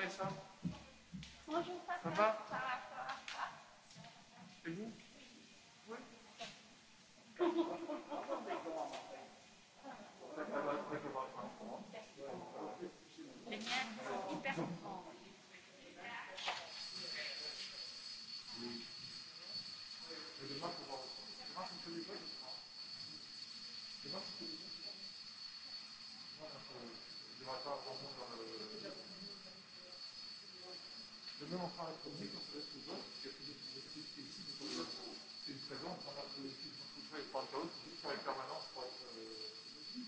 Regardez ça. Bonjour, papa. même en travail chronique, on se laisse parce qu'il y a plus d'objectifs qui existent, donc c'est une présence dans la collective, donc tout ça est par le chaos, c'est juste faire permanence pour être. Euh, qui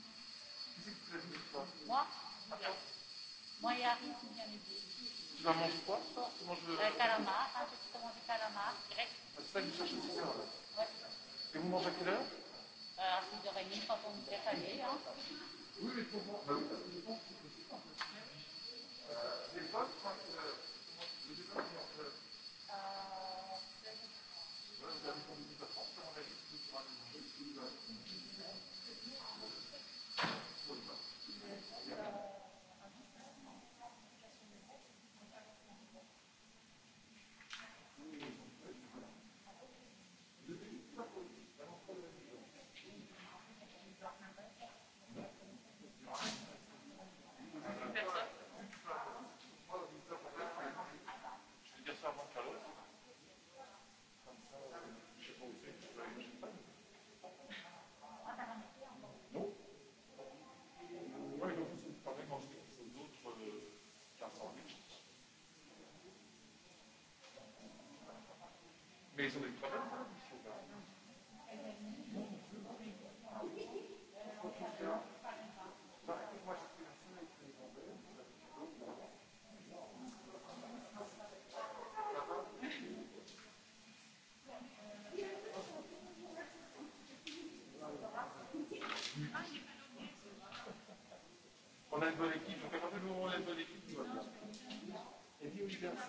c'est qui te l'a mis toi Moi Moi et Harry qui vient m'aider. Tu vas manger quoi Tu manges le. Euh, calamar, hein, je peux manger calamar, grec. Ah, c'est ça que vous cherchez tout à l'heure Et vous mangez à quelle heure À euh, 6h30 quand on me fait aller. Oui, mais pour moi, je pense que c'est possible en fait. les potes, quand. Euh, On a une bonne équipe, donc à partir du moment on a une bonne équipe, tout va bien. Et vice versa.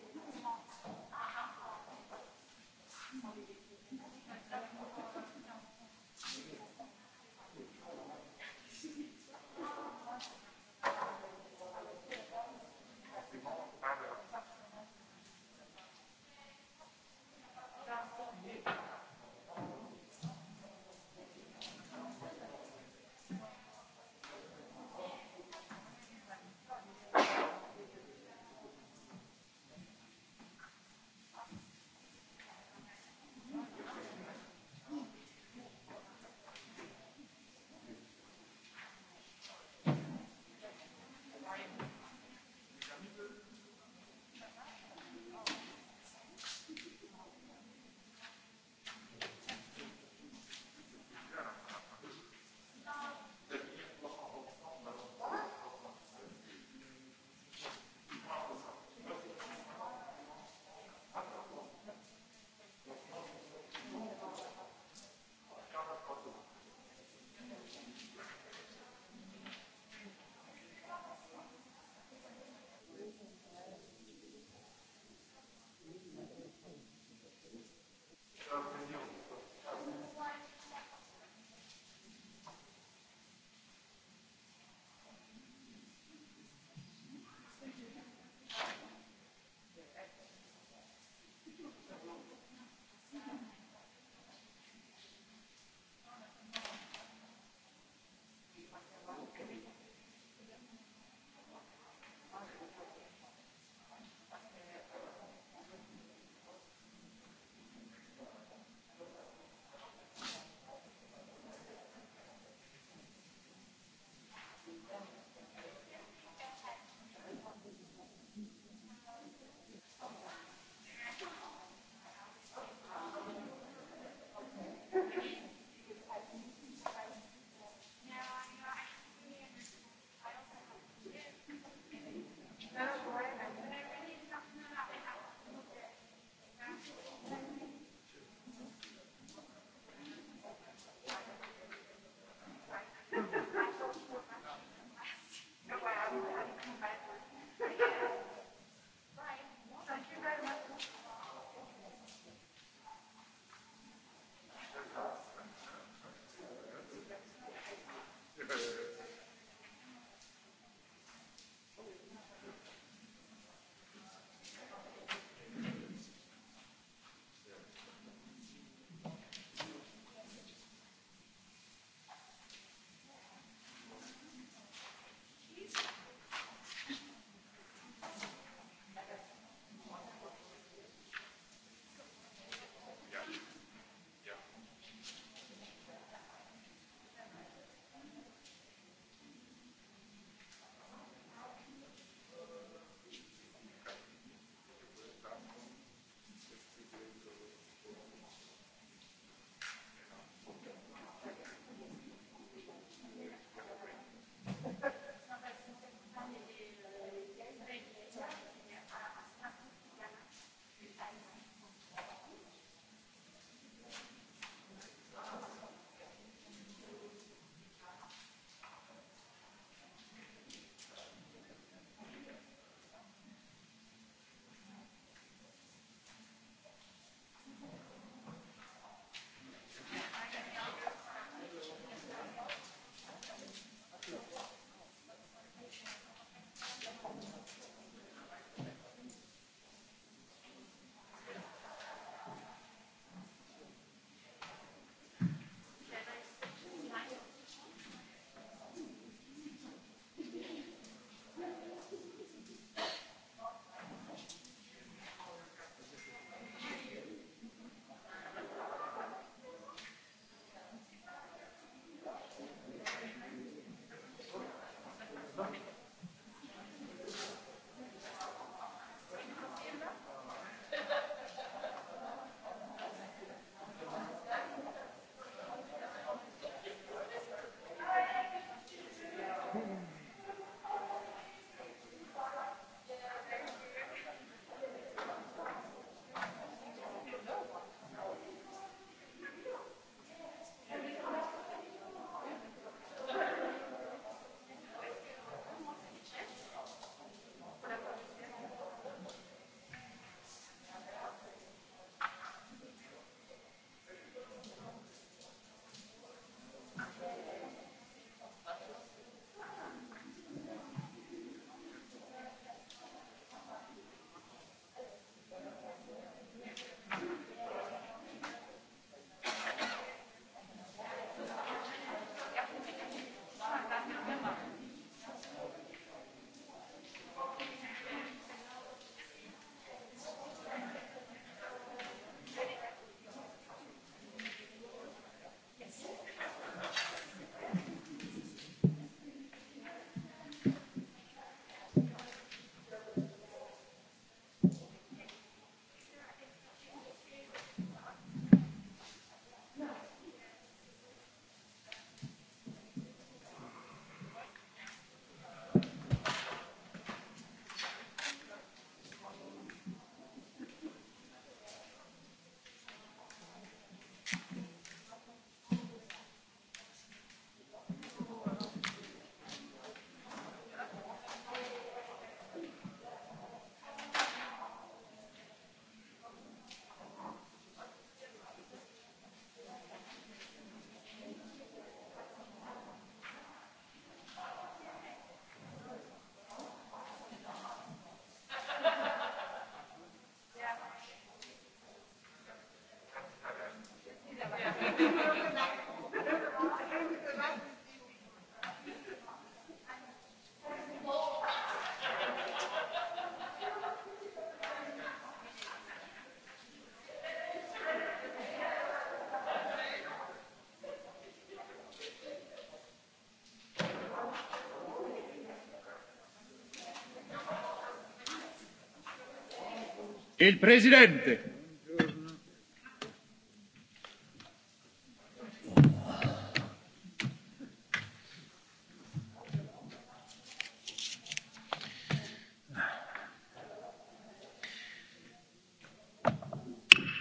Il presidente.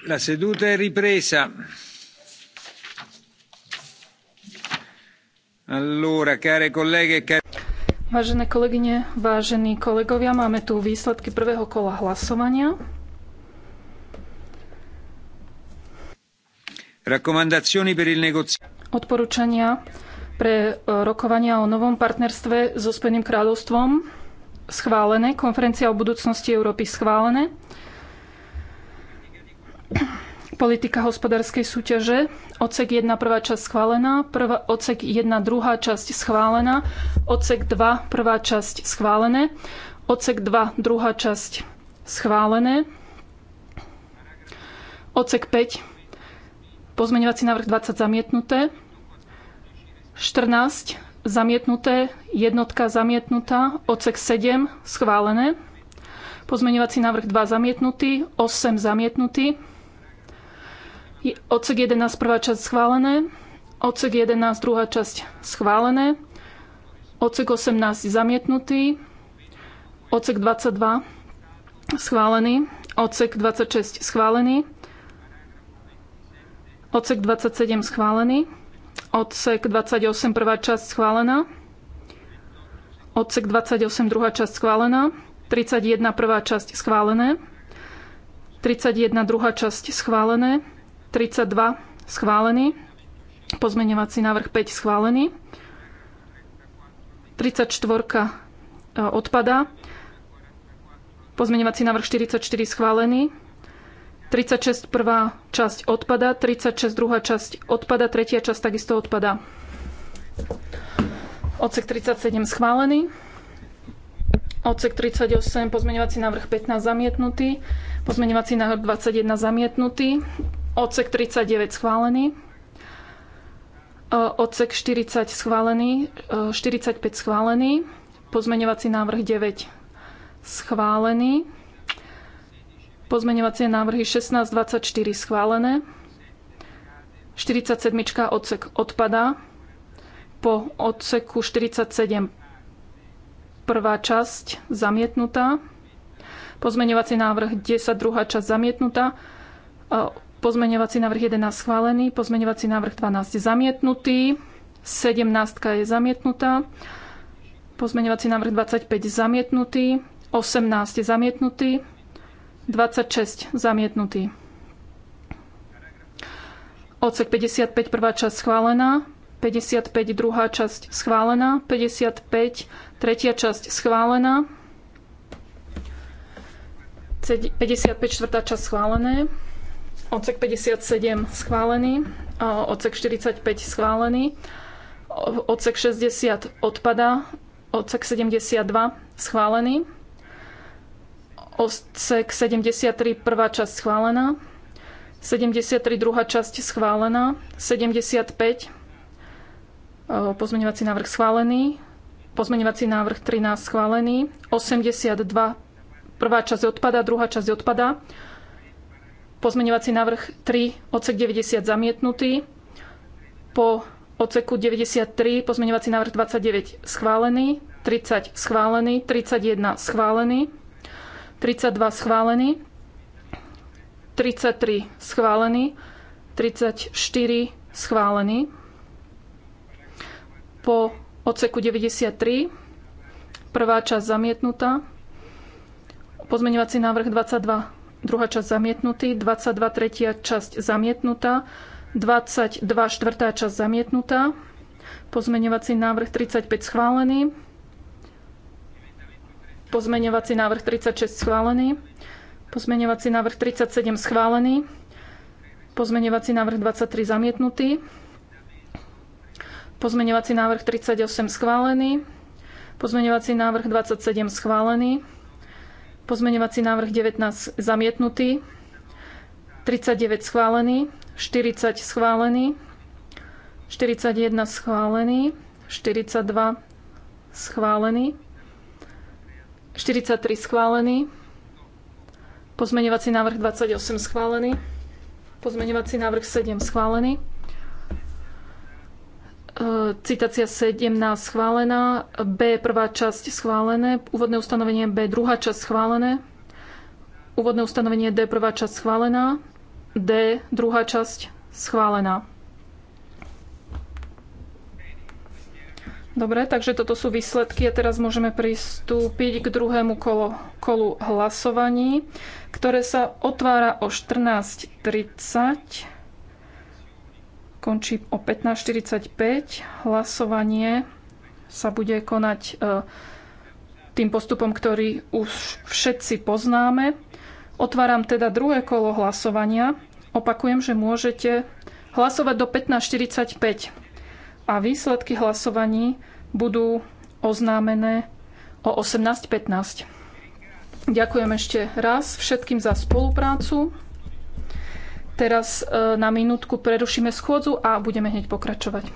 La seduta è ripresa. Allora, care colleghe e cari... Vážené kolegyne, vážení kolegovia, máme tu výsledky prvého kola hlasovania. Odporúčania pre e, rokovania o novom partnerstve so Spojeným kráľovstvom schválené, konferencia o budúcnosti Európy schválené, politika hospodárskej súťaže, odsek 1 prvá časť schválená, prvá, odsek 1 druhá časť schválená, odsek 2 prvá časť schválené, odsek 2 druhá časť schválené, odsek 5 Pozmeňovací návrh 20 zamietnuté. 14 zamietnuté. Jednotka zamietnutá. Odsek 7 schválené. Pozmeňovací návrh 2 zamietnutý. 8 zamietnutý. Odsek 11 prvá časť schválené. Odsek 11 druhá časť schválené. Odsek 18 zamietnutý. Odsek 22 schválený. Odsek 26 schválený. Odsek 27 schválený. Odsek 28 prvá časť schválená. Odsek 28 druhá časť schválená. 31 prvá časť schválené. 31 druhá časť schválené. 32 schválený. Pozmeňovací návrh 5 schválený. 34 e, odpada. Pozmeňovací návrh 44 schválený. 36 prvá časť odpada, 36 druhá časť odpada, tretia časť takisto odpada. Odsek 37 schválený. Odsek 38 pozmeňovací návrh 15 zamietnutý. Pozmeňovací návrh 21 zamietnutý. Odsek 39 schválený. Odsek 40 schválený. 45 schválený. Pozmeňovací návrh 9 schválený. Pozmeňovacie návrhy 1624 schválené. 47. odsek odpadá. Po odseku 47 prvá časť zamietnutá. Pozmeňovací návrh 10, druhá časť zamietnutá. Pozmeňovací návrh 11 schválený, pozmeňovací návrh 12 zamietnutý, 17 je zamietnutá, pozmeňovací návrh 25 zamietnutý, 18 je zamietnutý, 26 zamietnutý. Odsek 55 prvá časť schválená, 55 druhá časť schválená, 55 tretia časť schválená, 55 čtvrtá časť schválené, odsek 57 schválený, odsek 45 schválený, odsek 60 odpada, odsek 72 schválený, Odsek 73, prvá časť schválená. 73, druhá časť schválená. 75, e, pozmeňovací návrh schválený. Pozmeňovací návrh 13 schválený. 82, prvá časť odpada, druhá časť odpada. Pozmeňovací návrh 3, odsek 90 zamietnutý. Po odseku 93 pozmeňovací návrh 29 schválený, 30 schválený, 31 schválený, 32 schválený, 33 schválený, 34 schválený. Po odseku 93 prvá časť zamietnutá, pozmeňovací návrh 22 druhá časť zamietnutý, 22 tretia časť zamietnutá, 22 štvrtá časť zamietnutá, pozmeňovací návrh 35 schválený, Pozmeňovací návrh 36 schválený. Pozmeňovací návrh 37 schválený. Pozmeňovací návrh 23 zamietnutý. Pozmeňovací návrh 38 schválený. Pozmeňovací návrh 27 schválený. Pozmeňovací návrh 19 zamietnutý. 39 schválený. 40 schválený. 41 schválený. 42 schválený. 43 schválený. Pozmeňovací návrh 28 schválený. Pozmeňovací návrh 7 schválený. E, citácia 17 schválená. B prvá časť schválené. Úvodné ustanovenie B druhá časť schválené. Úvodné ustanovenie D prvá časť schválená. D druhá časť schválená. Dobre, takže toto sú výsledky a teraz môžeme pristúpiť k druhému kolo, kolu hlasovaní, ktoré sa otvára o 14.30, končí o 15.45. Hlasovanie sa bude konať e, tým postupom, ktorý už všetci poznáme. Otváram teda druhé kolo hlasovania. Opakujem, že môžete hlasovať do 15.45 a výsledky hlasovaní budú oznámené o 18.15. Ďakujem ešte raz všetkým za spoluprácu. Teraz e, na minútku prerušíme schôdzu a budeme hneď pokračovať.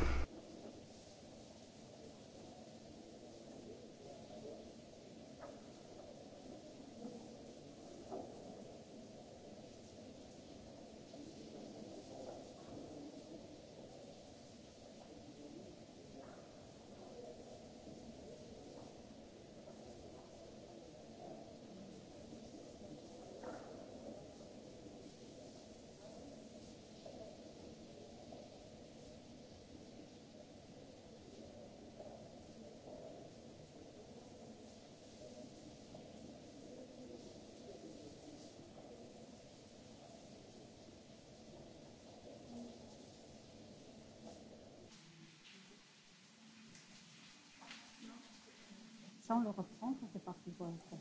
temps le reprendre, c'est parce que je dois être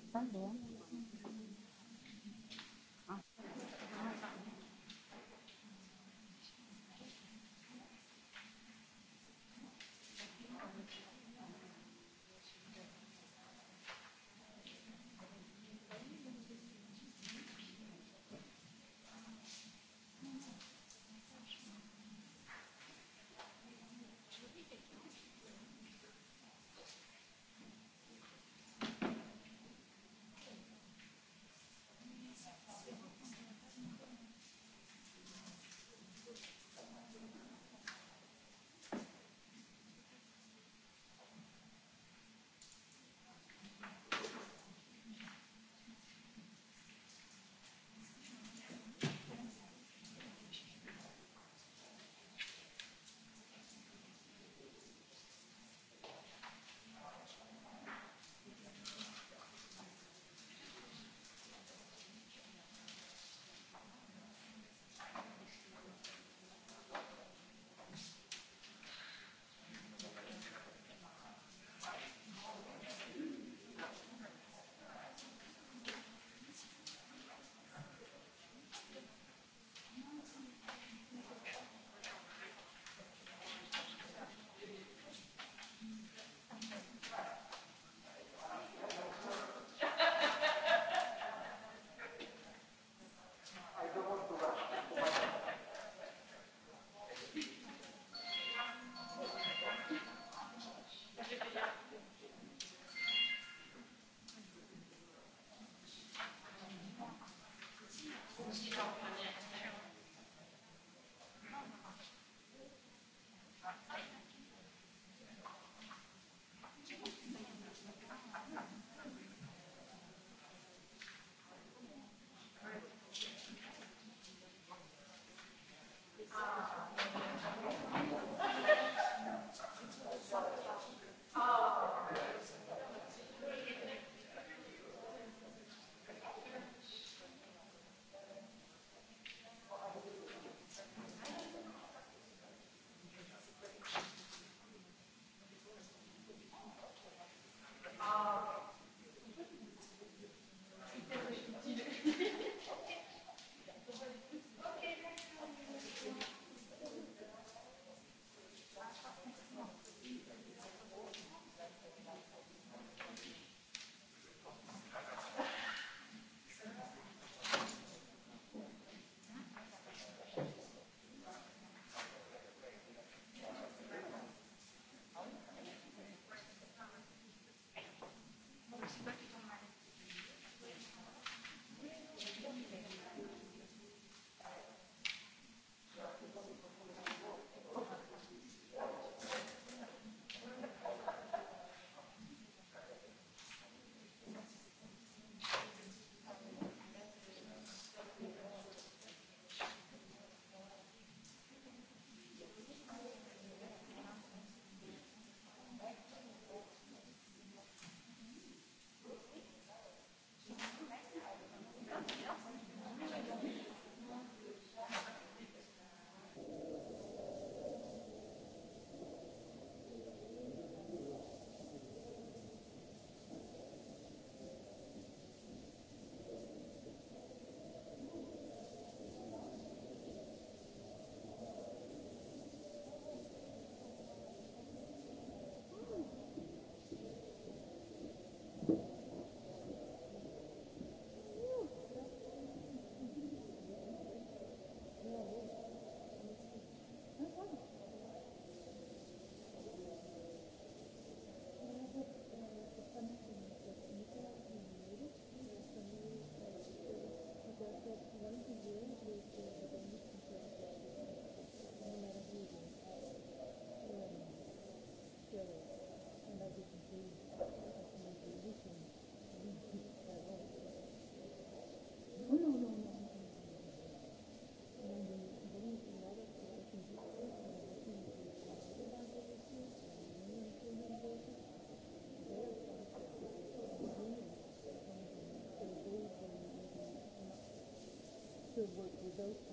good work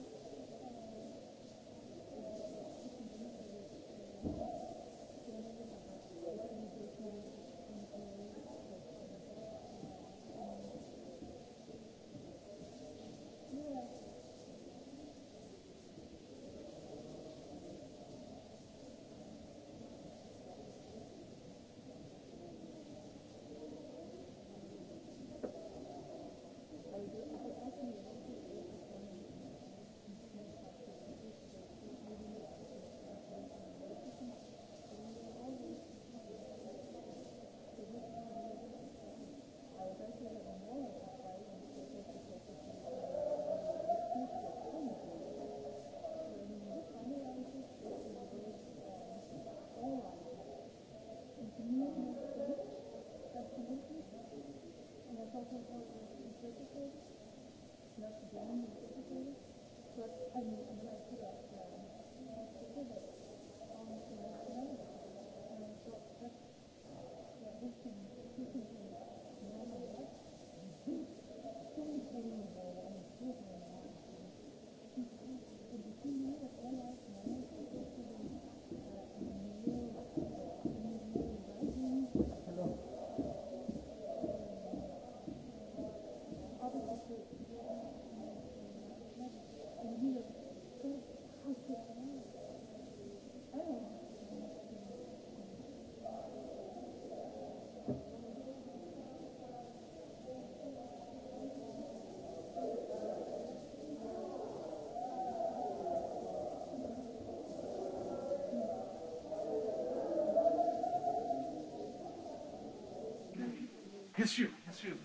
His shoe. His shoe.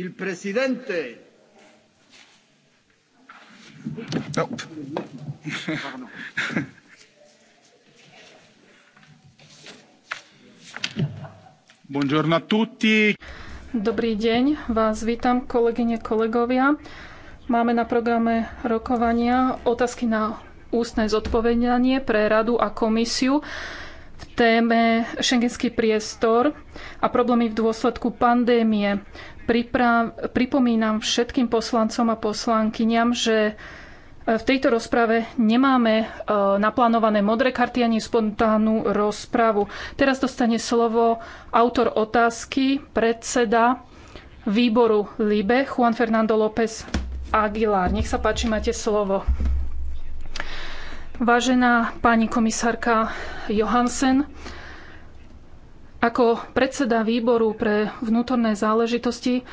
Il presidente. Nope. Buongiorno a tutti. Dobrý deň, vás vítam, kolegyne, kolegovia. Máme na programe rokovania otázky na ústne zodpovedanie pre radu a komisiu téme Schengenský priestor a problémy v dôsledku pandémie. pripomínam všetkým poslancom a poslankyňam, že e, v tejto rozprave nemáme e, naplánované modré karty ani spontánnu rozpravu. Teraz dostane slovo autor otázky, predseda výboru LIBE, Juan Fernando López Aguilar. Nech sa páči, máte slovo. Vážená pani komisárka Johansen, ako predseda výboru pre vnútorné záležitosti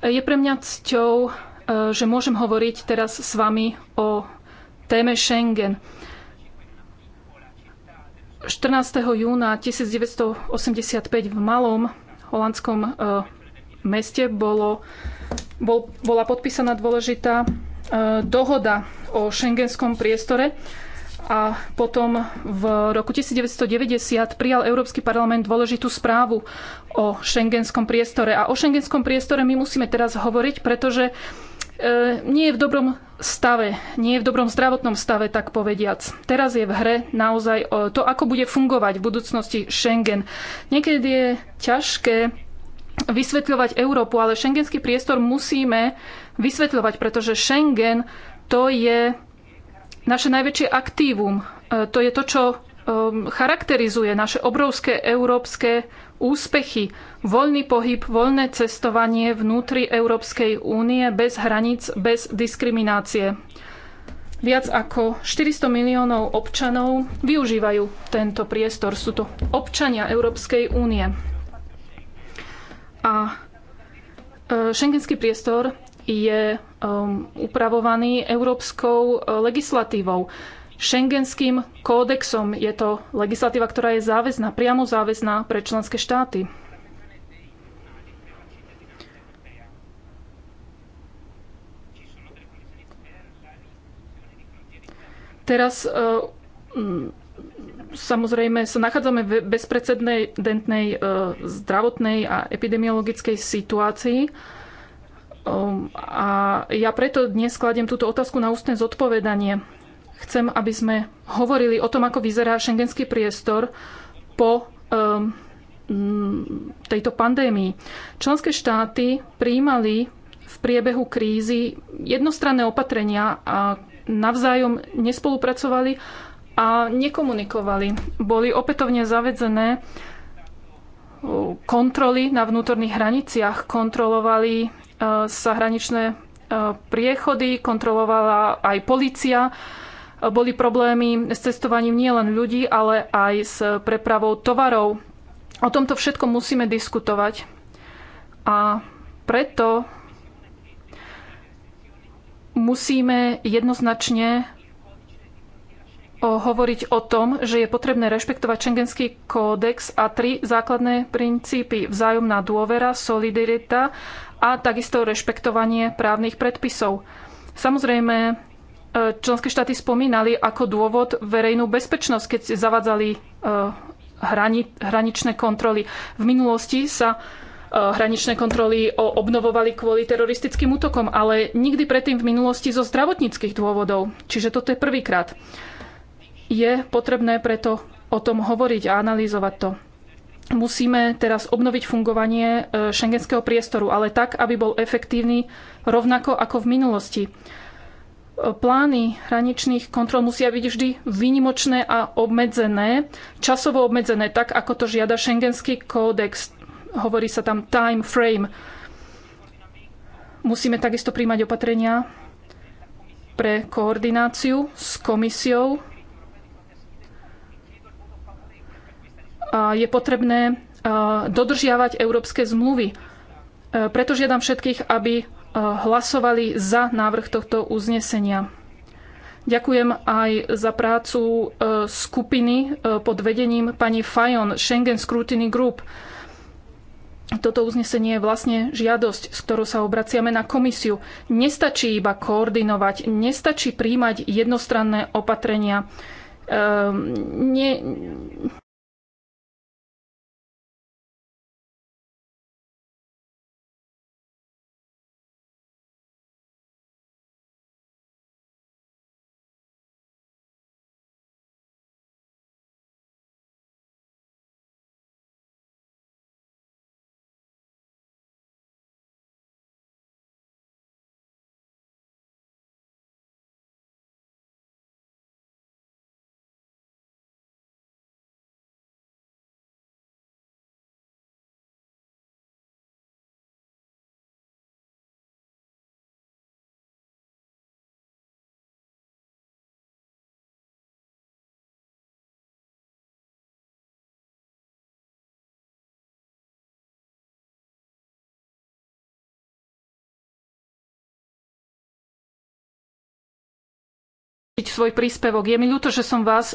je pre mňa cťou, e, že môžem hovoriť teraz s vami o téme Schengen. 14. júna 1985 v malom holandskom e, meste bolo, bol, bola podpísaná dôležitá e, dohoda o šengenskom priestore a potom v roku 1990 prijal Európsky parlament dôležitú správu o šengenskom priestore. A o šengenskom priestore my musíme teraz hovoriť, pretože e, nie je v dobrom stave, nie je v dobrom zdravotnom stave, tak povediac. Teraz je v hre naozaj e, to, ako bude fungovať v budúcnosti Schengen. Niekedy je ťažké vysvetľovať Európu, ale šengenský priestor musíme vysvetľovať, pretože Schengen to je naše najväčšie aktívum. E, to je to, čo um, charakterizuje naše obrovské európske úspechy. Voľný pohyb, voľné cestovanie vnútri Európskej únie bez hraníc, bez diskriminácie. Viac ako 400 miliónov občanov využívajú tento priestor. Sú to občania Európskej únie. A schengenský e, priestor je um, upravovaný európskou uh, legislatívou. Schengenským kódexom je to legislatíva, ktorá je záväzná, priamo záväzná pre členské štáty. Teraz uh, mm, samozrejme sa nachádzame v bezprecedentnej uh, zdravotnej a epidemiologickej situácii. Um, a ja preto dnes kladiem túto otázku na ústne zodpovedanie. Chcem, aby sme hovorili o tom, ako vyzerá šengenský priestor po um, mm, tejto pandémii. Členské štáty prijímali v priebehu krízy jednostranné opatrenia a navzájom nespolupracovali a nekomunikovali. Boli opätovne zavedzené uh, kontroly na vnútorných hraniciach, kontrolovali sa hraničné e, priechody, kontrolovala aj policia. E, boli problémy s cestovaním nielen ľudí, ale aj s prepravou tovarov. O tomto všetko musíme diskutovať. A preto musíme jednoznačne e, hovoriť o tom, že je potrebné rešpektovať Schengenský kódex a tri základné princípy. Vzájomná dôvera, solidarita a takisto rešpektovanie právnych predpisov. Samozrejme, e, členské štáty spomínali ako dôvod verejnú bezpečnosť, keď zavadzali e, hrani, hraničné kontroly. V minulosti sa e, hraničné kontroly obnovovali kvôli teroristickým útokom, ale nikdy predtým v minulosti zo zdravotníckých dôvodov. Čiže toto je prvýkrát. Je potrebné preto o tom hovoriť a analyzovať to musíme teraz obnoviť fungovanie e, šengenského priestoru, ale tak, aby bol efektívny rovnako ako v minulosti. E, plány hraničných kontrol musia byť vždy výnimočné a obmedzené, časovo obmedzené, tak ako to žiada šengenský kódex. Hovorí sa tam time frame. Musíme takisto príjmať opatrenia pre koordináciu s komisiou je potrebné dodržiavať európske zmluvy. Preto žiadam všetkých, aby hlasovali za návrh tohto uznesenia. Ďakujem aj za prácu e, skupiny e, pod vedením pani Fajon Schengen Scrutiny Group. Toto uznesenie je vlastne žiadosť, s ktorou sa obraciame na komisiu. Nestačí iba koordinovať, nestačí príjmať jednostranné opatrenia. Ehm, nie, svoj príspevok. Je mi ľúto, že som vás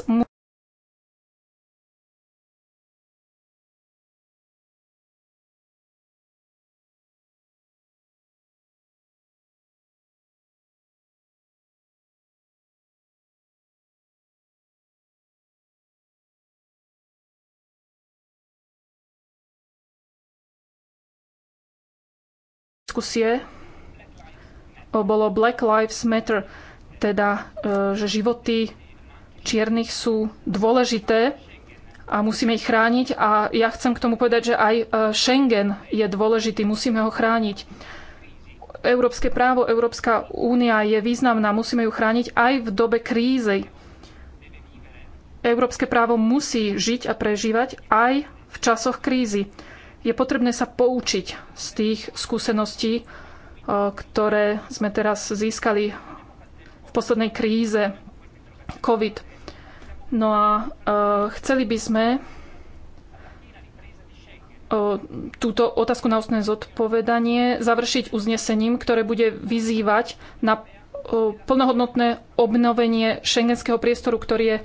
diskusie bolo Black Lives Matter teda, e, že životy čiernych sú dôležité a musíme ich chrániť. A ja chcem k tomu povedať, že aj e, Schengen je dôležitý, musíme ho chrániť. Európske právo, Európska únia je významná, musíme ju chrániť aj v dobe krízy. Európske právo musí žiť a prežívať aj v časoch krízy. Je potrebné sa poučiť z tých skúseností, e, ktoré sme teraz získali poslednej kríze COVID. No a e, chceli by sme e, túto otázku na ústne zodpovedanie završiť uznesením, ktoré bude vyzývať na e, plnohodnotné obnovenie šengenského priestoru, ktorý je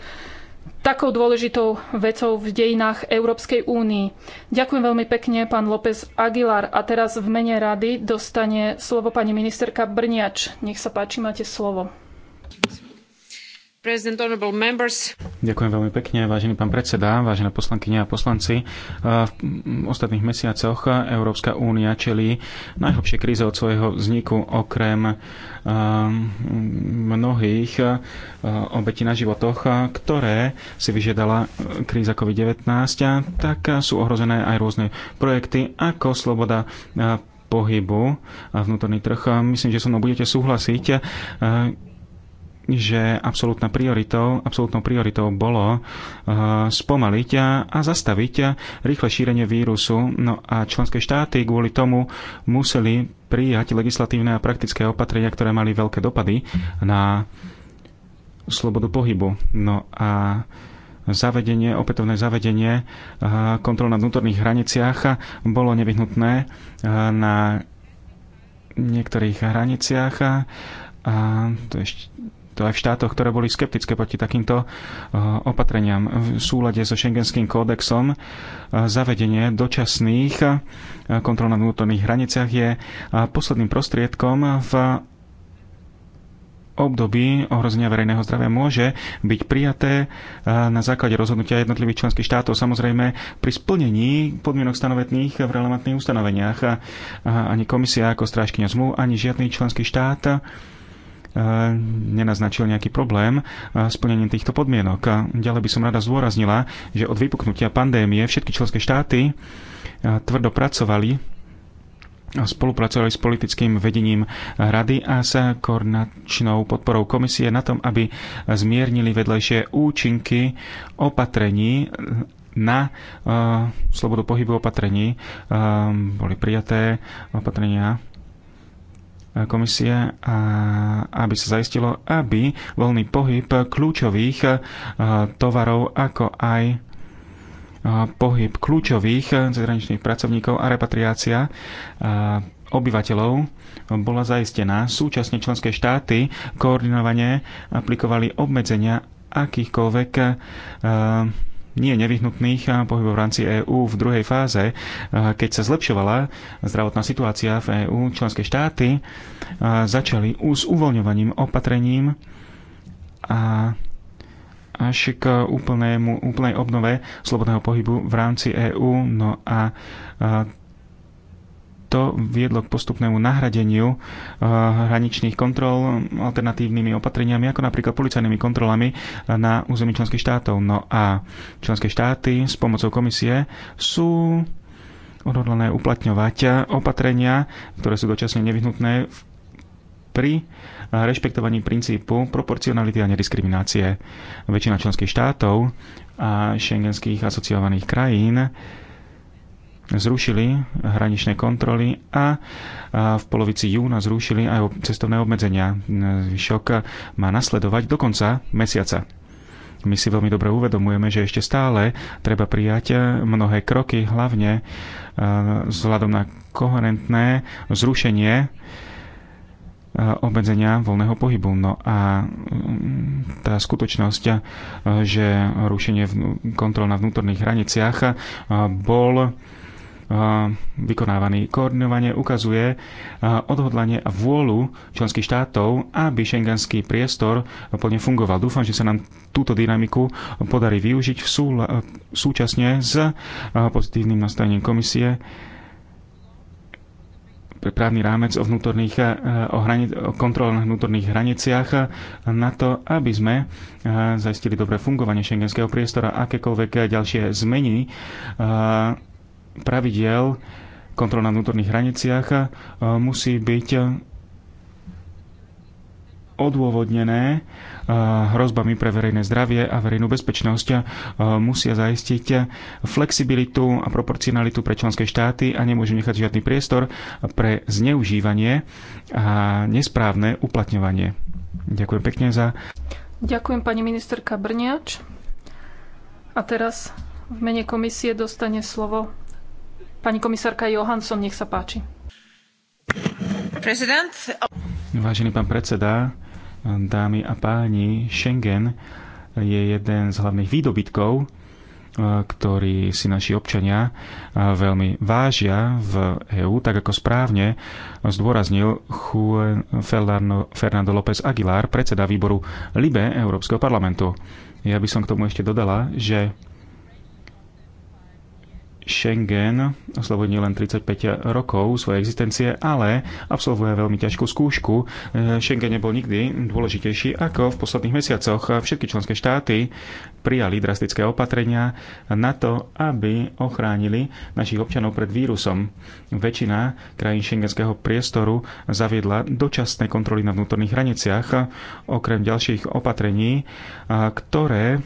takou dôležitou vecou v dejinách Európskej únii. Ďakujem veľmi pekne, pán López Aguilar. A teraz v mene rady dostane slovo pani ministerka Brniač. Nech sa páči, máte slovo. Ďakujem veľmi pekne, vážený pán predseda, vážené poslankyne a poslanci. V ostatných mesiacoch Európska únia čelí najhlbšie kríze od svojho vzniku, okrem mnohých obetí na životoch, ktoré si vyžiadala kríza COVID-19, tak sú ohrozené aj rôzne projekty ako sloboda pohybu a vnútorný trh. Myslím, že so mnou budete súhlasiť že absolútna prioritou, absolútnou prioritou bolo eh, spomaliť a zastaviť rýchle šírenie vírusu. No a členské štáty kvôli tomu museli prijať legislatívne a praktické opatrenia, ktoré mali veľké dopady na slobodu pohybu. No a zavedenie, opätovné zavedenie eh, kontrol na vnútorných hraniciach bolo nevyhnutné eh, na niektorých hraniciach a to ešte to aj v štátoch, ktoré boli skeptické proti takýmto eh, opatreniam. V súlade so šengenským kódexom eh, zavedenie dočasných eh, kontrol na vnútorných hraniciach je posledným prostriedkom v období ohrozenia verejného zdravia môže byť prijaté na základe rozhodnutia jednotlivých členských štátov, samozrejme pri splnení podmienok stanovetných v relevantných ustanoveniach. Ani komisia ako strážkynia zmluv, ani žiadny členský štát Eh, nenaznačil nejaký problém eh, s plnením týchto podmienok. Ďalej by som rada zdôraznila, že od vypuknutia pandémie všetky členské štáty eh, tvrdo pracovali spolupracovali s politickým vedením rady a s koordinačnou podporou komisie na tom, aby zmiernili vedlejšie účinky opatrení na uh, slobodu pohybu opatrení. Uh, boli prijaté opatrenia komisie, a aby sa zaistilo, aby voľný pohyb kľúčových e, tovarov, ako aj e, pohyb kľúčových zahraničných pracovníkov a repatriácia e, obyvateľov bola zaistená. Súčasne členské štáty koordinovane aplikovali obmedzenia akýchkoľvek nie nevyhnutných pohybov v rámci EÚ v druhej fáze, e, keď sa zlepšovala zdravotná situácia v EÚ, členské štáty e, začali s uvoľňovaním opatrením a až k úplnému, úplnej obnove slobodného pohybu v rámci EÚ. No a e, to viedlo k postupnému nahradeniu eh, hraničných kontrol alternatívnymi opatreniami, ako napríklad policajnými kontrolami eh, na území členských štátov. No a členské štáty s pomocou komisie sú odhodlané uplatňovať eh, opatrenia, ktoré sú dočasne nevyhnutné pri rešpektovaní princípu proporcionality a nediskriminácie. Väčšina členských štátov a šengenských asociovaných krajín zrušili hraničné kontroly a v polovici júna zrušili aj cestovné obmedzenia. Šok má nasledovať do konca mesiaca. My si veľmi dobre uvedomujeme, že ešte stále treba prijať e, mnohé kroky, hlavne e, vzhľadom na koherentné zrušenie e, obmedzenia voľného pohybu. No a mm, tá skutočnosť, že rušenie kontrol na vnútorných hraniciach bol vykonávaný koordinovanie, ukazuje odhodlanie a vôľu členských štátov, aby šengenský priestor plne fungoval. Dúfam, že sa nám túto dynamiku podarí využiť v súla, súčasne s pozitívnym nastavením komisie právny rámec o, vnútorných, o, hrani- o kontrole na vnútorných hraniciach na to, aby sme zaistili dobré fungovanie šengenského priestora. Akékoľvek ďalšie zmeny pravidiel kontrol na vnútorných hraniciach e, musí byť e, odôvodnené e, hrozbami pre verejné zdravie a verejnú bezpečnosť musia zaistiť flexibilitu a proporcionalitu pre členské štáty a nemôžu nechať žiadny priestor pre zneužívanie a nesprávne uplatňovanie. Ďakujem pekne za... Ďakujem pani ministerka Brniač. A teraz v mene komisie dostane slovo Pani komisárka Johansson, nech sa páči. Prezident. Vážený pán predseda, dámy a páni, Schengen je jeden z hlavných výdobytkov, eh, ktorý si naši občania eh, veľmi vážia v EÚ, tak ako správne zdôraznil Juan Fernando López Aguilar, predseda výboru LIBE Európskeho parlamentu. Ja by som k tomu ešte dodala, že Schengen oslobodí len 35 rokov svojej existencie, ale absolvuje veľmi ťažkú skúšku. E, Schengen nebol nikdy dôležitejší ako v posledných mesiacoch. Všetky členské štáty prijali drastické opatrenia na to, aby ochránili našich občanov pred vírusom. Väčšina krajín šengenského priestoru zaviedla dočasné kontroly na vnútorných hraniciach, okrem ďalších opatrení, ktoré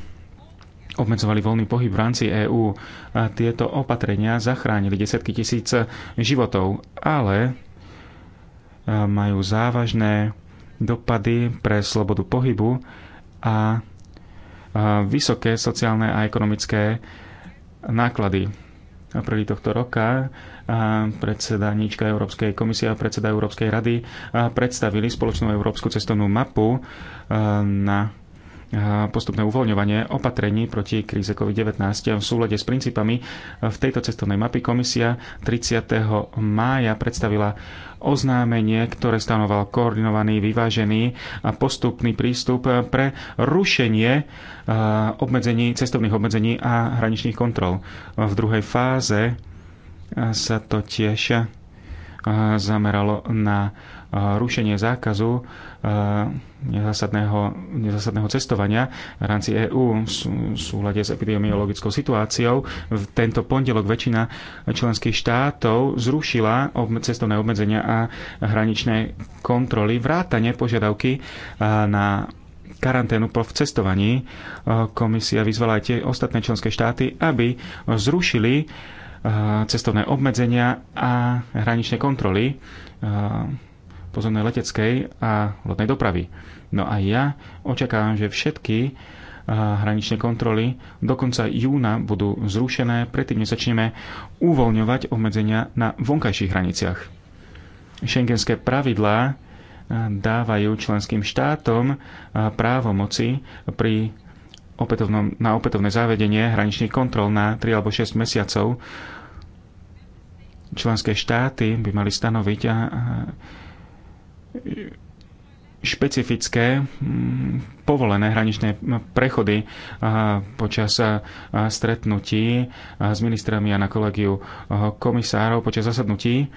obmedzovali voľný pohyb v rámci EÚ. Tieto opatrenia zachránili desetky tisíc životov, ale e, majú závažné dopady pre slobodu pohybu a e, vysoké sociálne a ekonomické náklady. V apríli tohto roka e, predsedníčka Európskej komisie a predseda Európskej rady predstavili spoločnú európsku cestovnú mapu na postupné uvoľňovanie opatrení proti kríze COVID-19 v súlade s princípami. V tejto cestovnej mapy komisia 30. mája predstavila oznámenie, ktoré stanoval koordinovaný, vyvážený a postupný prístup pre rušenie obmedzení, cestovných obmedzení a hraničných kontrol. V druhej fáze sa to tiež zameralo na rušenie zákazu nezásadného, nezásadného cestovania v rámci EÚ v súhľade s epidemiologickou situáciou. V tento pondelok väčšina členských štátov zrušila cestovné obmedzenia a hraničné kontroly, vrátane požiadavky na karanténu po cestovaní. Komisia vyzvala aj tie ostatné členské štáty, aby zrušili cestovné obmedzenia a hraničné kontroly pozemnej leteckej a lodnej dopravy. No a ja očakávam, že všetky hraničné kontroly do konca júna budú zrušené, predtým začneme uvoľňovať obmedzenia na vonkajších hraniciach. Schengenské pravidlá dávajú členským štátom právo moci pri opätovnom, na opätovné zavedenie hraničných kontrol na 3 alebo 6 mesiacov. Členské štáty by mali stanoviť a, a špecifické mm, povolené hraničné prechody počas stretnutí s ministrami a na kolegiu komisárov počas zasadnutí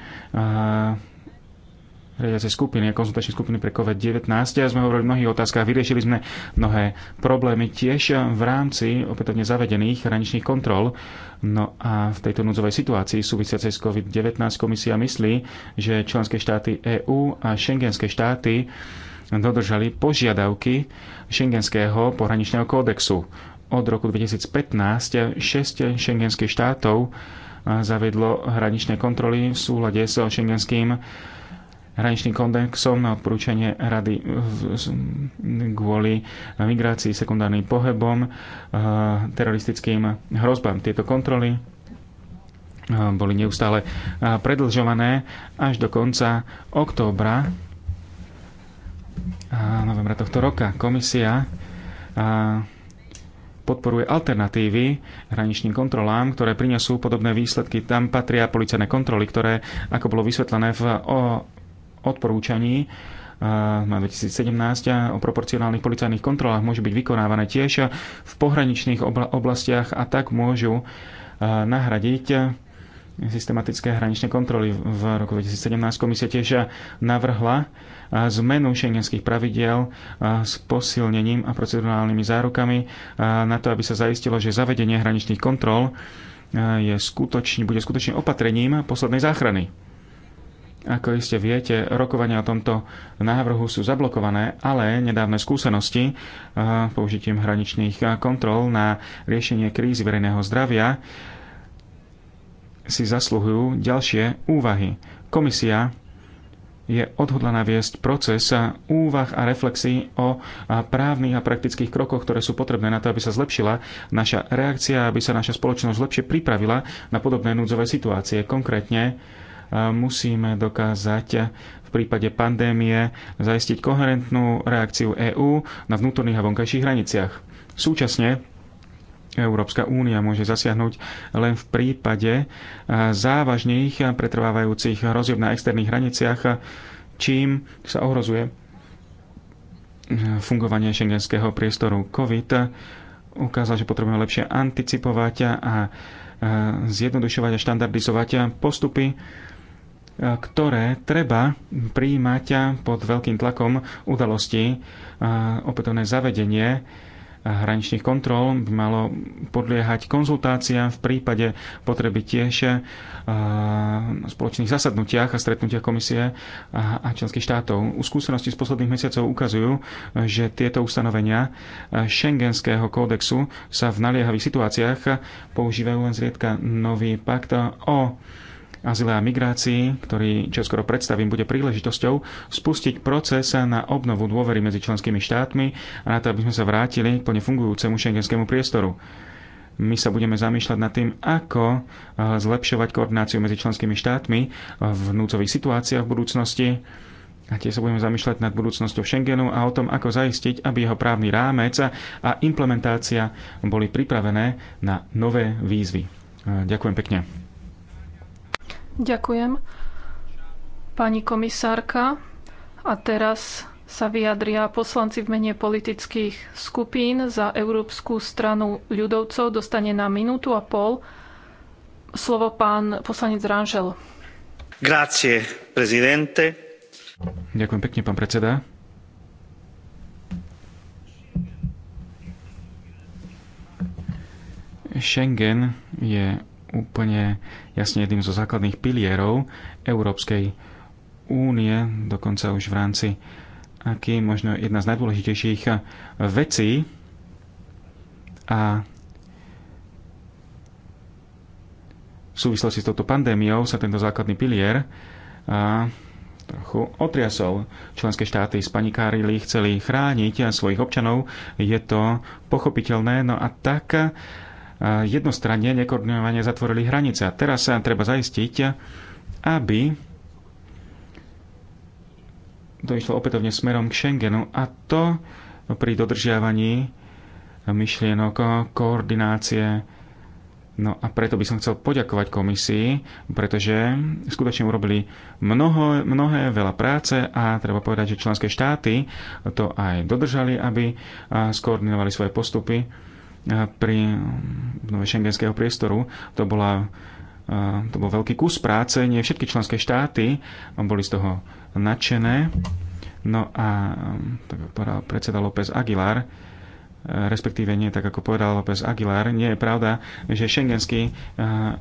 riadiacej skupiny, a konzultačnej skupiny pre COVID-19. A sme hovorili o mnohých otázkach, vyriešili sme mnohé problémy tiež v rámci opätovne zavedených hraničných kontrol. No a v tejto núdzovej situácii súvisiacej s COVID-19 komisia myslí, že členské štáty EÚ a šengenské štáty dodržali požiadavky šengenského pohraničného kódexu. Od roku 2015 6 šengenských štátov zavedlo hraničné kontroly v súlade s šengenským hraničným kondexom na odporúčanie rady kvôli migrácii, sekundárnym pohybom, eh, teroristickým hrozbám. Tieto kontroly eh, boli neustále eh, predlžované až do konca októbra a novembra tohto roka. Komisia podporuje alternatívy hraničným kontrolám, ktoré prinesú podobné výsledky. Tam patria policajné kontroly, ktoré, ako bolo vysvetlené v odporúčaní eh, na 2017 eh, o proporcionálnych policajných kontrolách môžu byť vykonávané tiež eh, v pohraničných oblastiach a tak môžu nahradiť systematické hraničné kontroly v roku 2017. Komisia tiež navrhla zmenu šengenských pravidiel s posilnením a procedurálnymi zárukami na to, aby sa zaistilo, že zavedenie hraničných kontrol je skutočný, bude skutočným opatrením poslednej záchrany. Ako iste viete, rokovania o tomto návrhu sú zablokované, ale nedávne skúsenosti eh, použitím hraničných kontrol na riešenie krízy verejného zdravia si zasluhujú ďalšie úvahy. Komisia je odhodlaná viesť proces úvah a reflexí o právnych a praktických krokoch, ktoré sú potrebné na to, aby sa zlepšila naša reakcia, aby sa naša spoločnosť lepšie pripravila na podobné núdzové situácie. Konkrétne musíme dokázať v prípade pandémie zaistiť koherentnú reakciu EÚ na vnútorných a vonkajších hraniciach. Súčasne Európska únia môže zasiahnuť len v prípade závažných a pretrvávajúcich hrozieb na externých hraniciach, čím sa ohrozuje fungovanie šengenského priestoru. COVID ukázal, že potrebujeme lepšie anticipovať a zjednodušovať a štandardizovať postupy ktoré treba prijímať pod veľkým tlakom udalosti. Opätovné zavedenie hraničných kontrol by malo podliehať konzultáciám v prípade potreby tiež spoločných zasadnutiach a stretnutiach komisie a členských štátov. U skúsenosti z posledných mesiacov ukazujú, že tieto ustanovenia Schengenského kódexu sa v naliehavých situáciách používajú len zriedka nový pakt o azyle a migrácii, ktorý čoskoro predstavím, bude príležitosťou spustiť proces na obnovu dôvery medzi členskými štátmi a na to, aby sme sa vrátili k plne fungujúcemu šengenskému priestoru. My sa budeme zamýšľať nad tým, ako eh, zlepšovať koordináciu medzi členskými štátmi eh, v núcových situáciách v budúcnosti. A tiež sa budeme zamýšľať nad budúcnosťou Schengenu a o tom, ako zaistiť, aby jeho právny rámec a implementácia boli pripravené na nové výzvy. Eh, ďakujem pekne. Ďakujem, pani komisárka. A teraz sa vyjadria poslanci v mene politických skupín za Európsku stranu ľudovcov. Dostane na minútu a pol slovo pán poslanec Ranžel. Grazie, prezidente. Ďakujem pekne, pán predseda. Schengen je úplne jasne jedným zo základných pilierov Európskej únie, dokonca už v rámci aký možno jedna z najdôležitejších eh, vecí a v súvislosti s touto pandémiou sa tento základný pilier a eh, trochu otriasol. Členské štáty spanikárili, chceli chrániť svojich občanov. Je to pochopiteľné. No a tak eh, jednostranne, nekoordinovane zatvorili hranice. A teraz sa treba zaistiť, aby to išlo opätovne smerom k Schengenu a to pri dodržiavaní myšlienok koordinácie. No a preto by som chcel poďakovať komisii, pretože skutočne urobili mnoho, mnohé, veľa práce a treba povedať, že členské štáty to aj dodržali, aby skoordinovali svoje postupy pri obnove um, šengenského priestoru. To, bola, to bol veľký kus práce, nie všetky členské štáty um, boli z toho nadšené. No a um, tak ako povedal predseda López Aguilar, e, respektíve nie tak ako povedal López Aguilar, nie je pravda, že šengenský e,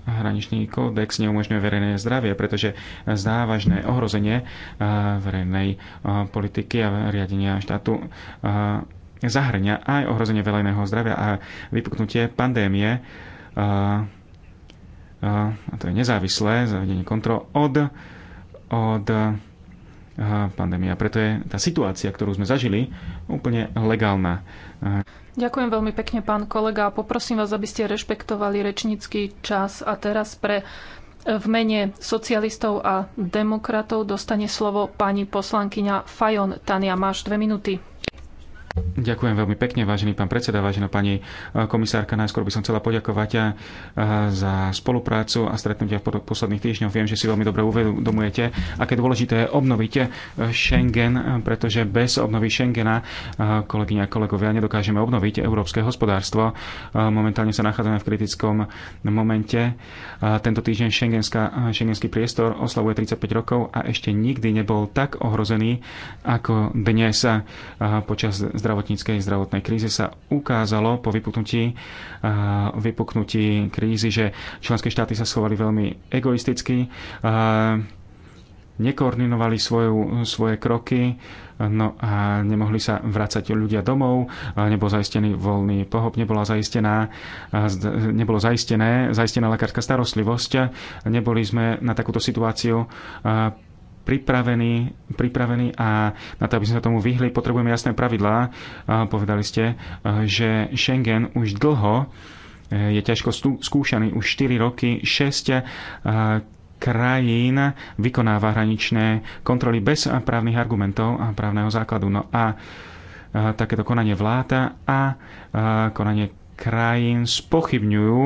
hraničný kódex neumožňuje verejné zdravie, pretože závažné ohrozenie e, verejnej politiky a riadenia štátu zahrňa aj ohrozenie verejného zdravia a vypuknutie pandémie. A, a to je nezávislé zavedenie kontrol od, od pandémie. A preto je tá situácia, ktorú sme zažili, úplne legálna. Ďakujem veľmi pekne, pán kolega. Poprosím vás, aby ste rešpektovali rečnícky čas. A teraz pre e, v mene socialistov a demokratov dostane slovo pani poslankyňa Fajon. Tania, máš dve minúty. Ďakujem veľmi pekne, vážený pán predseda, vážená pani e, komisárka. Najskôr by som chcela poďakovať e, za spoluprácu a stretnutia v posledných týždňoch. Viem, že si veľmi dobre uvedomujete, aké dôležité je obnoviť e, Schengen, pretože bez obnovy Schengena, kolegyňa a kolegovia, nedokážeme obnoviť európske hospodárstvo. Momentálne sa nachádzame v kritickom momente. Tento týždeň šengenský priestor oslavuje 35 rokov a ešte nikdy nebol tak ohrozený ako dnes počas zdravotníckej zdravotnej kríze sa ukázalo po vypuknutí, vypuknutí krízy, že členské štáty sa schovali veľmi egoisticky, nekoordinovali svoju, svoje kroky, no a nemohli sa vrácať ľudia domov, nebol zaistený voľný pohop, nebola zaistená, nebolo zaistené, zaistená lekárska starostlivosť. Neboli sme na takúto situáciu pripravení, pripravení a na to, aby sme sa tomu vyhli, potrebujeme jasné pravidlá. Povedali ste, e, že Schengen už dlho e, je ťažko skúšaný, už 4 roky, 6 e, krajín vykonáva hraničné kontroly bez právnych argumentov a právneho základu. No a takéto konanie vláta a konanie krajín spochybňujú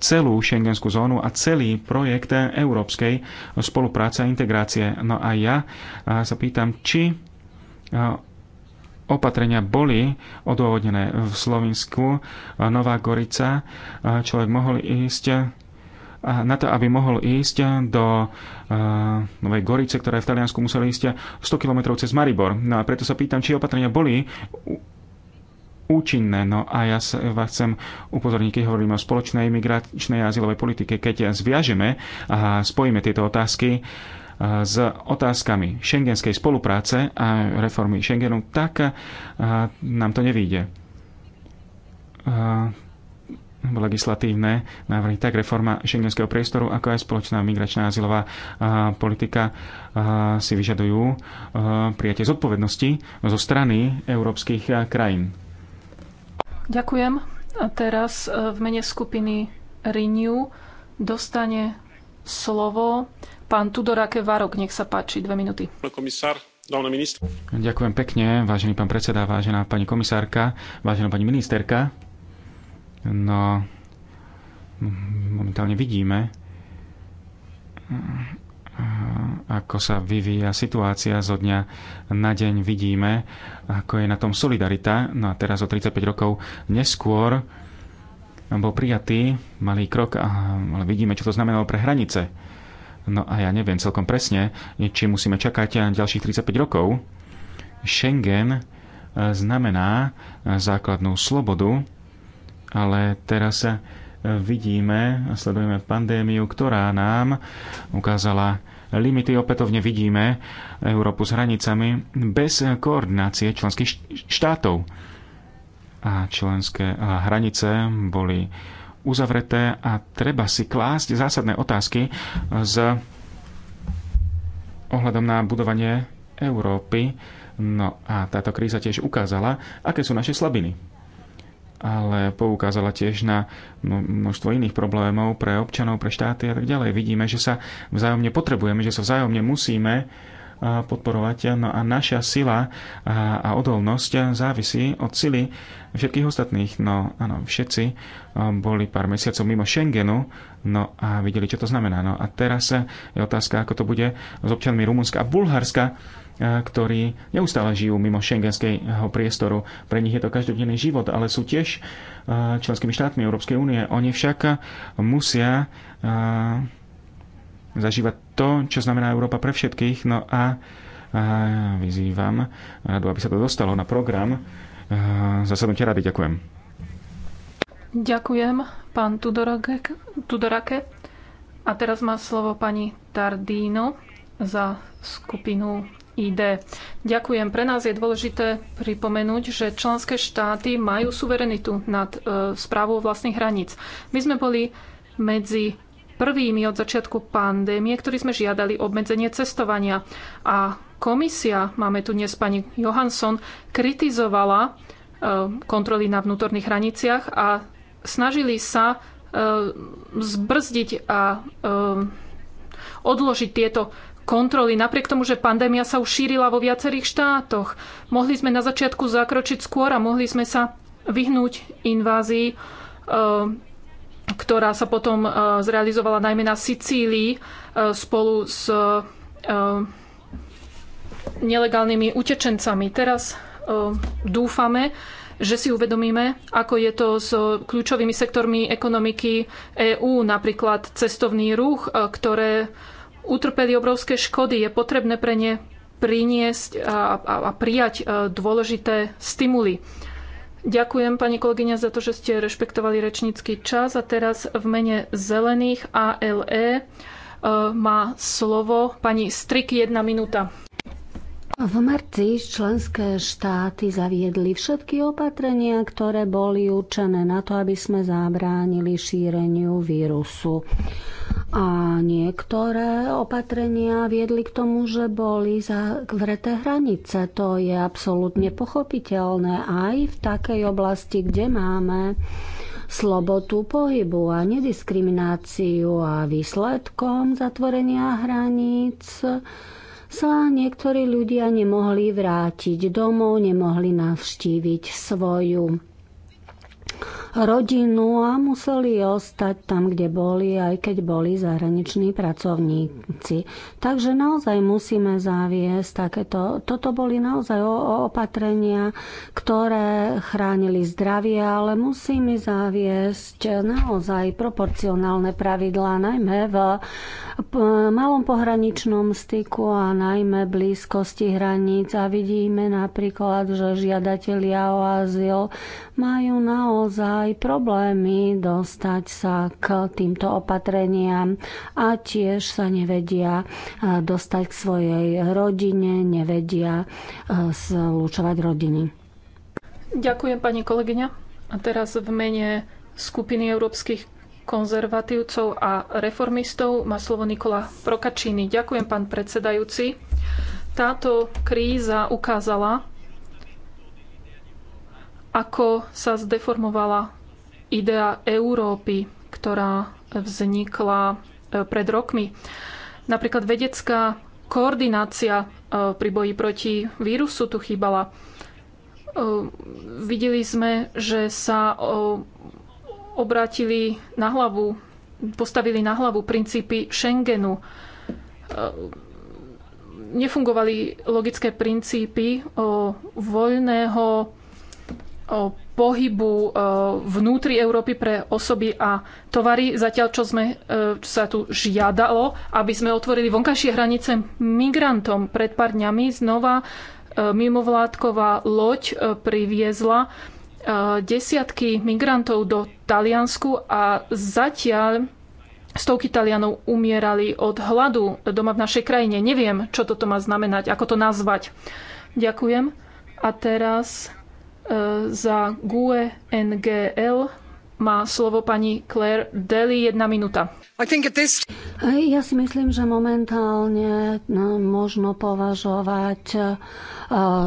celú šengenskú zónu a celý projekt európskej spolupráce a integrácie. No a ja sa pýtam, či opatrenia boli odôvodnené v Slovensku. Nová Gorica, človek mohol ísť na to, aby mohol ísť do uh, Novej Gorice, ktorá je v Taliansku, musel ísť 100 km cez Maribor. No a preto sa pýtam, či opatrenia boli účinné. No a ja sa vás chcem upozorniť, keď hovoríme o spoločnej imigračnej a azylovej politike, keď zviažeme a spojíme tieto otázky s otázkami šengenskej spolupráce a reformy Schengenu, tak nám to nevíde legislatívne návrhy, tak reforma šengenského priestoru, ako aj spoločná migračná azylová politika si vyžadujú prijatie zodpovednosti zo strany európskych krajín. Ďakujem. A teraz e, v mene skupiny Renew dostane slovo pán Tudorake Varok. Nech sa páči, dve minuty. Komisár, Ďakujem pekne, vážený pán predseda, vážená pani komisárka, vážená pani ministerka. No, momentálne vidíme, ako sa vyvíja situácia zo dňa na deň, vidíme, ako je na tom solidarita. No a teraz o 35 rokov neskôr bol prijatý malý krok, ale vidíme, čo to znamenalo pre hranice. No a ja neviem celkom presne, či musíme čakať ďalších 35 rokov. Schengen e, znamená základnú slobodu, ale teraz vidíme a sledujeme pandémiu, ktorá nám ukázala limity. Opätovne vidíme Európu s hranicami bez koordinácie členských štátov. A členské hranice boli uzavreté a treba si klásť zásadné otázky s ohľadom na budovanie Európy. No a táto kríza tiež ukázala, aké sú naše slabiny ale poukázala tiež na množstvo iných problémov pre občanov, pre štáty a tak ďalej. Vidíme, že sa vzájomne potrebujeme, že sa vzájomne musíme podporovať. No a naša sila a odolnosť závisí od sily všetkých ostatných. No áno, všetci boli pár mesiacov mimo Schengenu, no a videli, čo to znamená. No a teraz je otázka, ako to bude s občanmi Rumunska a Bulharska, ktorí neustále žijú mimo šengenského priestoru. Pre nich je to každodenný život, ale sú tiež členskými štátmi Európskej únie. Oni však musia zažívať to, čo znamená Európa pre všetkých. No a vyzývam radu, aby sa to dostalo na program zasadnutia rady. Ďakujem. Ďakujem, pán Tudorake. Tudorake. A teraz má slovo pani Tardino za skupinu ID. Ďakujem. Pre nás je dôležité pripomenúť, že členské štáty majú suverenitu nad e, správou vlastných hraníc. My sme boli medzi prvými od začiatku pandémie, ktorí sme žiadali obmedzenie cestovania. A komisia, máme tu dnes pani Johansson, kritizovala e, kontroly na vnútorných hraniciach a snažili sa e, zbrzdiť a e, odložiť tieto kontroly, napriek tomu, že pandémia sa už šírila vo viacerých štátoch. Mohli sme na začiatku zakročiť skôr a mohli sme sa vyhnúť invázii, eh, ktorá sa potom eh, zrealizovala najmä na Sicílii eh, spolu s nelegálnymi utečencami. Teraz dúfame, že si uvedomíme, ako je to s kľúčovými sektormi ekonomiky EÚ, napríklad cestovný ruch, ktoré utrpeli obrovské škody. Je potrebné pre ne priniesť a, a, a prijať e, dôležité stimuly. Ďakujem, pani kolegyňa, za to, že ste rešpektovali rečnícky čas. A teraz v mene Zelených ALE e, má slovo pani Strik, jedna minúta. V marci členské štáty zaviedli všetky opatrenia, ktoré boli určené na to, aby sme zabránili šíreniu vírusu. A niektoré opatrenia viedli k tomu, že boli zavreté hranice. To je absolútne pochopiteľné aj v takej oblasti, kde máme slobotu pohybu a nediskrimináciu a výsledkom zatvorenia hraníc sa niektorí ľudia nemohli vrátiť domov, nemohli navštíviť svoju rodinu a museli ostať tam, kde boli, aj keď boli zahraniční pracovníci. Takže naozaj musíme zaviesť takéto. Toto boli naozaj opatrenia, ktoré chránili zdravie, ale musíme zaviesť naozaj proporcionálne pravidlá, najmä v malom pohraničnom styku a najmä blízkosti hraníc. A vidíme napríklad, že žiadatelia o azyl majú naozaj aj problémy dostať sa k týmto opatreniam a tiež sa nevedia e, dostať k svojej rodine, nevedia slučovať e, rodiny. Ďakujem pani kolegyňa. A teraz v mene skupiny európskych konzervatívcov a reformistov má slovo Nikola Prokačíny. Ďakujem, pán predsedajúci. Táto kríza ukázala, ako sa zdeformovala idea Európy, ktorá vznikla e, pred rokmi. Napríklad vedecká koordinácia e, pri boji proti vírusu tu chýbala. E, videli sme, že sa obrátili na hlavu, postavili na hlavu princípy Schengenu. Nefungovali logické princípy voľného pohybu eh, vnútri Európy pre osoby a tovary, zatiaľ čo sme čo eh, sa tu žiadalo, aby sme otvorili vonkajšie hranice migrantom. Pred pár dňami znova eh, mimovládková loď priviezla desiatky migrantov do Taliansku a zatiaľ Stovky Talianov umierali od hladu doma v našej krajine. Neviem, čo toto má znamenať, ako to nazvať. Ďakujem. A teraz E, za GUE NGL má slovo pani Claire Daly, jedna minúta. This... Ja si myslím, že momentálne no, možno považovať e,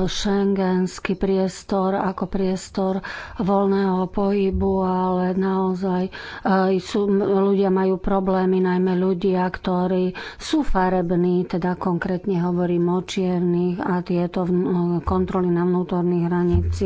šengenský priestor ako priestor voľného pohybu, ale naozaj e, sú, ľudia majú problémy, najmä ľudia, ktorí sú farební, teda konkrétne hovorím o čiernych a tieto kontroly na vnútorných hraniciach